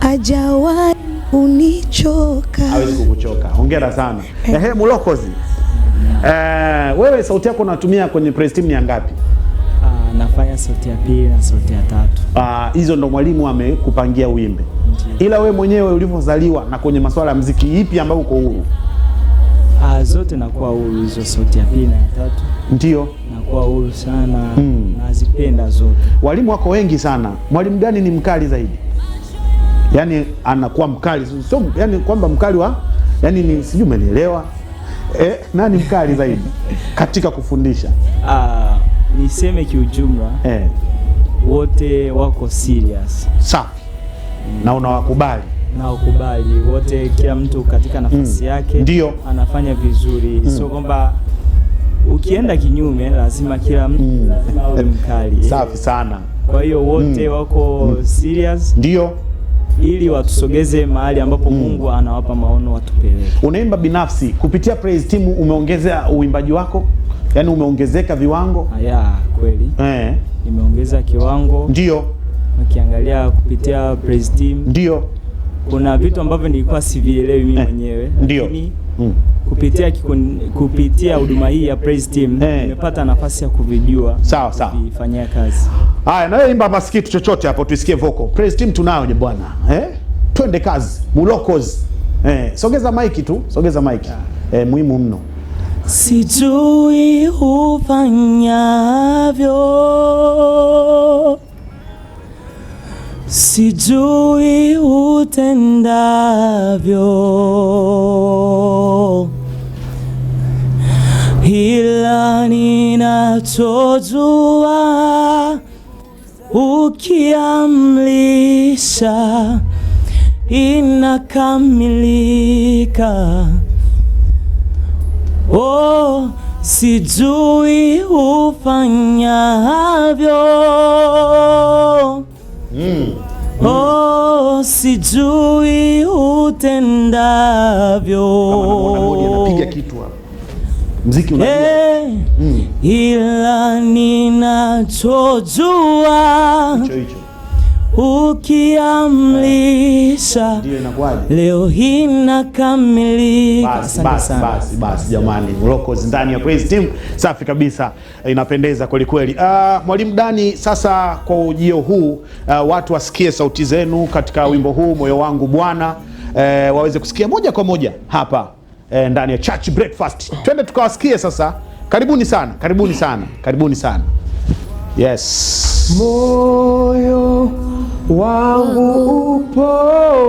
ajawai unichoka. Hawezi kukuchoka. Hongera sana. Ehe, Mlokozi. Eh, wewe sauti yako unatumia kwenye praise team ya ngapi? Uh, nafanya sauti ya pili na sauti ya tatu. Uh, hizo ndo mwalimu amekupangia uimbe. Ila we mwenyewe ulivyozaliwa na kwenye masuala ya muziki ipi ambayo uko huru? Uh, zote nakuwa huru hizo sauti ya pili na tatu. Ndio. Nakuwa huru sana. Mm. Nazipenda zote. Walimu wako wengi sana. Mwalimu gani ni mkali zaidi? yani anakuwa mkali sio, yani kwamba mkali wa yani ni sijui umenielewa eh, nani mkali zaidi katika kufundisha? Uh, niseme kiujumla eh, wote wako serious safi, na unawakubali na ukubali wote, kila mtu katika nafasi mm. yake ndio anafanya vizuri mm. sio kwamba ukienda kinyume lazima kila mtu mm. lazima awe mkali. Safi sana. Kwa hiyo wote mm. wako mm. serious ndio ili watusogeze mahali ambapo mm. Mungu anawapa maono watupeleke. Unaimba binafsi kupitia praise team, umeongezea uimbaji wako, yaani umeongezeka viwango? Aya, kweli eh, nimeongeza kiwango. Ndio ukiangalia kupitia praise team ndio kuna vitu ambavyo nilikuwa sivielewi mimi eh, mwenyewe ndio mm. kupitia kikun, kupitia huduma hii ya Praise Team eh. nimepata nafasi ya kuvijua sawa sawa, kufanyia kazi haya. Na wewe imba basi kitu chochote hapo tusikie vocal. Praise Team tunayo je bwana eh? Twende kazi mulokos eh, sogeza maiki tu, sogeza maiki yeah. eh, muhimu mno sijui hufanyavyo Sijui utendavyo, ila ninachojua ukiamlisha inakamilika. Oh, sijui ufanyavyo sijui utendavyo. Anapiga kitu hapa mziki unalia, hey, eh, mm. Ila ninachojua ukiamlisha leo hii nakamilika. Basi basi jamani, Mlokozi ndani ya Praise Team, safi kabisa, inapendeza kweli kweli. Uh, mwalimu Dani, sasa kwa ujio huu uh, watu wasikie sauti zenu katika wimbo huu moyo wangu Bwana, eh, waweze kusikia moja kwa moja hapa eh, ndani ya Church Breakfast. Twende tukawasikie sasa. Karibuni sana, karibuni sana, karibuni sana. Yes moyo wangu upo